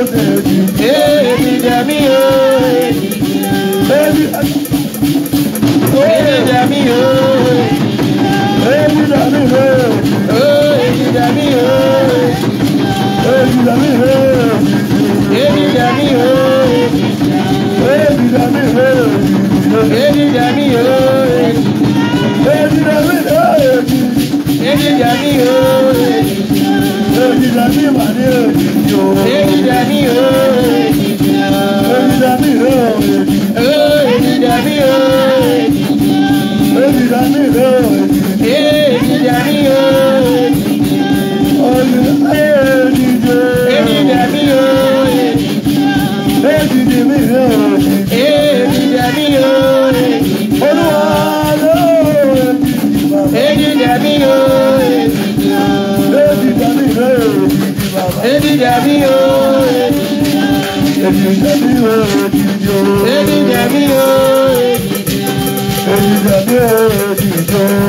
Èmi dẹ̀mí o. Èmi dẹ̀mí o. Èmi dẹ̀mí o. Èmi dẹ̀mí o. Èmi dẹ̀mí o. Èmi dẹ̀mí o. Èmi dẹ̀mí o. Èmi dẹ̀mí o. Èmi dẹ̀mí o. Èmi dẹ̀mí o. Èjìdàmí wà ní òjijì o. Èjìdàmí o èjìjì o. Èjìdàmí o èjìjì. Èjìdàmí o èjìjì. Èjìdàmí o èjìjì. Èjìdàmí o èjìjì. Olùdarí èjìjì. Èjìdàmí o èjìjì. Èjìdàmí o èjìjì. Èjìdàmí o èjìjì. Olúwa. Eddie dẹ̀mí Eddie Ebi Eddie o. Eddie dẹ̀mí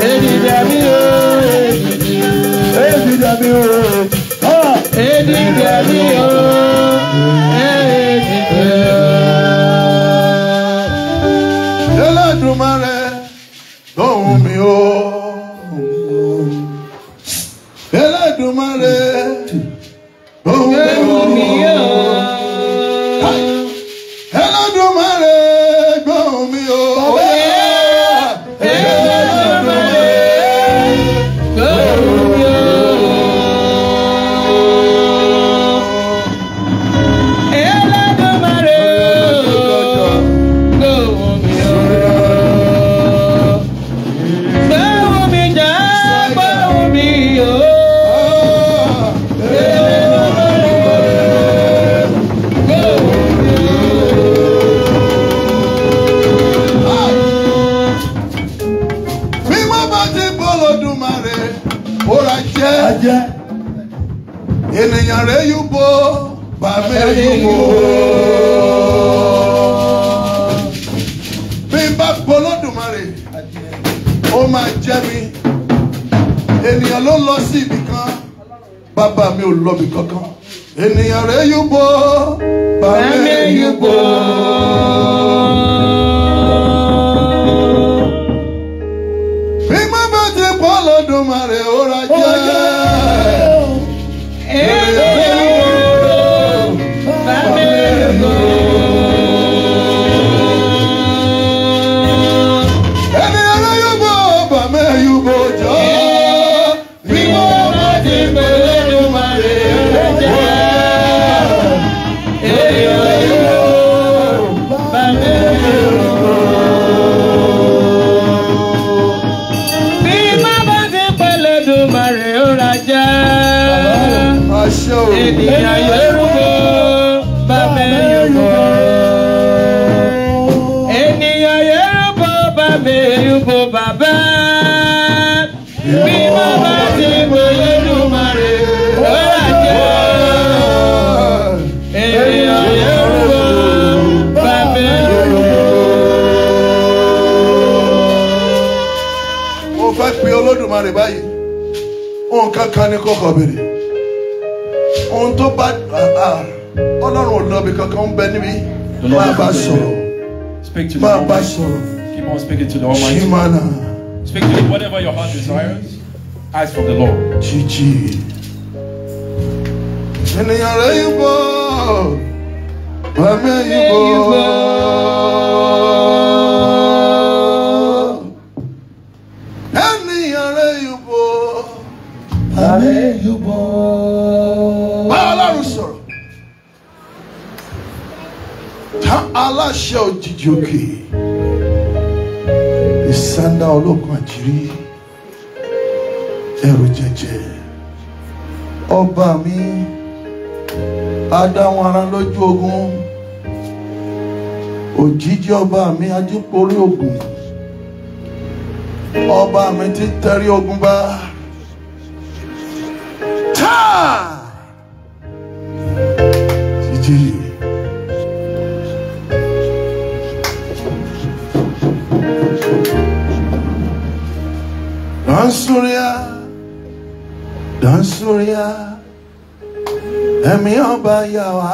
Eddie Ebi Eddie o. Ebi dẹ̀mí o. Ebi dẹ̀mí o. Ebi dẹ̀mí o. Olódùmarè ó ọkàn báyìí ohun kankan ni kọ́kọ́ béèrè ohun tó bá ah, ah, ọlọ́run ò lọ́bi kankan bẹ níbí máa bá sọ̀rọ̀ máa bá sọ̀rọ̀ ṣìmánà. Speak to whatever your heart desires. Ask from the Lord. Chichi. aláṣẹ òjijì òkè ìsáná ológun àjírí ẹrù jẹjẹ ọba mi adáwọn ará lójú ogun òjijì ọba mi adíporí ogun ọba mi ti tẹrí ogun bá táà. Emi ọba yà wá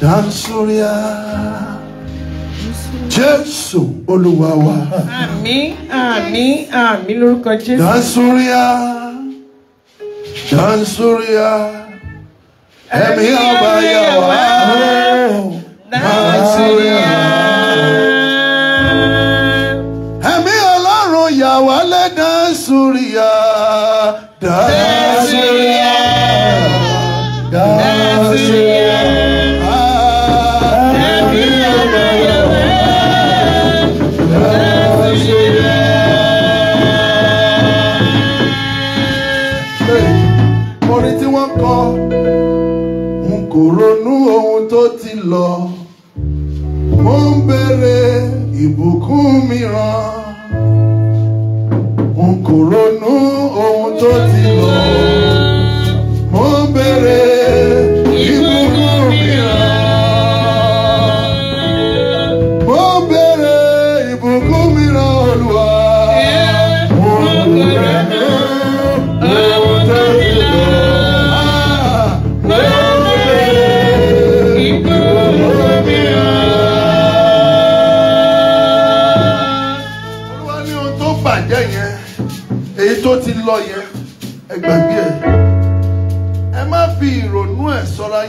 dáńsóríà jésù olúwa wa. àmín àmín àmín lórúkọ jésù. dáńsóríà dáńsóríà ẹ̀mí ọba yà wá dáńsóríà. ẹ̀mí ọlọ́run yà wá lẹ́dàá sóríà Yeah.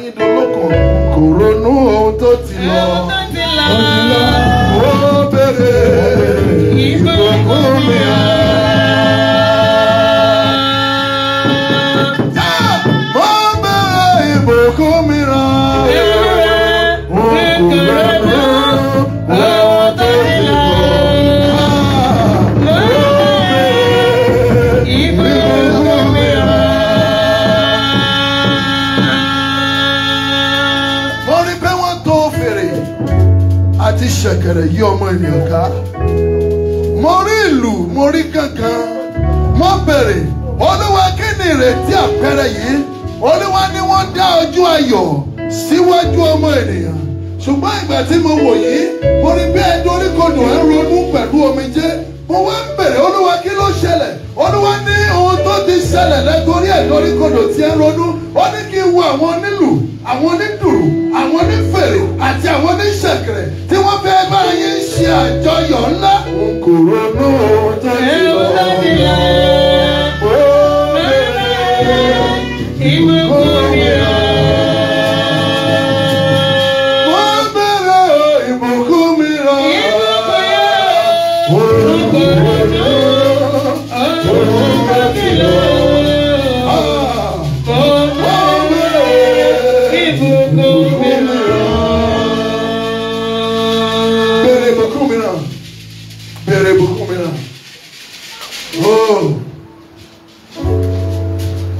yín dolókun kò ronú ohun tó ti lọ ó bèrè ìgbòkú mi. ọ̀gẹ̀dẹ̀ yí ọmọ ènìyàn ká mo rí ìlú mo rí kankan mo bèrè olúwa kí ni ìrètí àpẹẹrẹ yìí olúwa ni wọ́n dá ojú ayọ̀ síwájú ọmọ ènìyàn ṣùgbọ́n ìgbà tí mo wò yìí mo rí bí ẹni oríkodò ẹ̀ ronú pẹ̀lú omijé mo wá ń bèrè olúwa kí ló ṣẹlẹ̀ olúwa ní ohun tó ti ṣẹlẹ̀ lẹ́torí ẹ̀ lóríkodò tí ẹ̀ ronú ó ní kí n wo àwọn onílù àwọn onílù.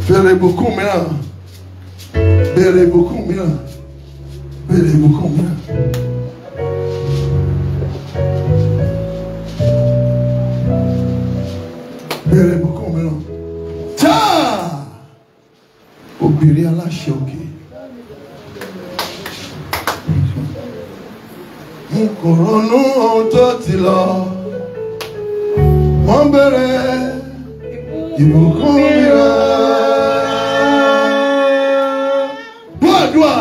Béèrè ìbùkún mìíràn. Béèrè ìbùkún mìíràn. Béèrè ìbùkún mìíràn. Béèrè ìbùkún mìíràn. Táà! Obìnrin aláṣẹ òkè. N kò ronú ohun tó ti lọ. Wọ́n bẹ̀rẹ̀ ìbùkúnmíra. Bọ́ọ̀dùà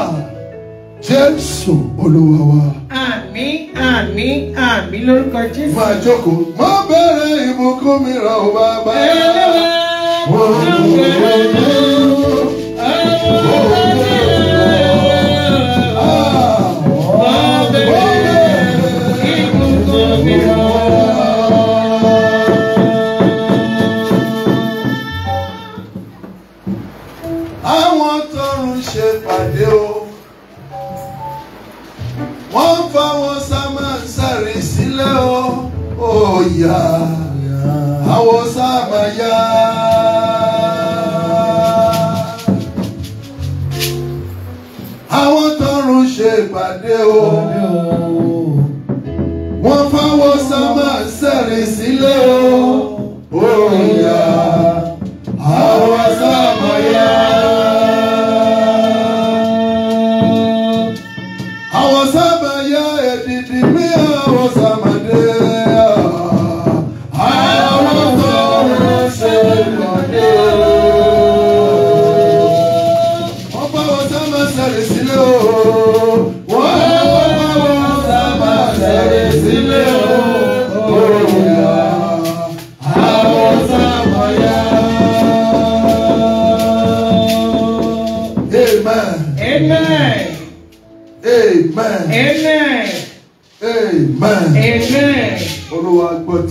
Jésù Jesu Oluwawa. Àmín àmín àmín lórúkọ Jésù. Máa jókòó. Má bẹ̀rẹ̀ ìbùkúnmíra ò bàbá. Ẹ̀rọ wa. Wọ́n ń bẹ̀rẹ̀. maya Hausa maya. Àwọn tọrùn ṣe ìpàdé o. Wọ́n fáwọ́ sá máa ń o.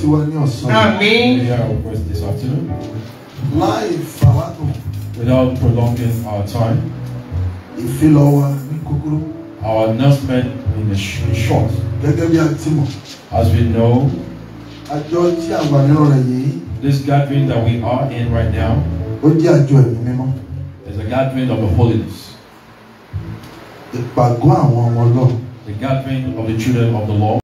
tiwa ní ọ̀sán. Àmín. We are words this afternoon. Life. Without prolonging our time. Ìfilọ̀ wa Our announcement in a short. a As we know. This gathering that we are in right now. Ó àjọ ẹ̀mí mímọ́. a gathering of the holiness. The gathering of the children of the Lord.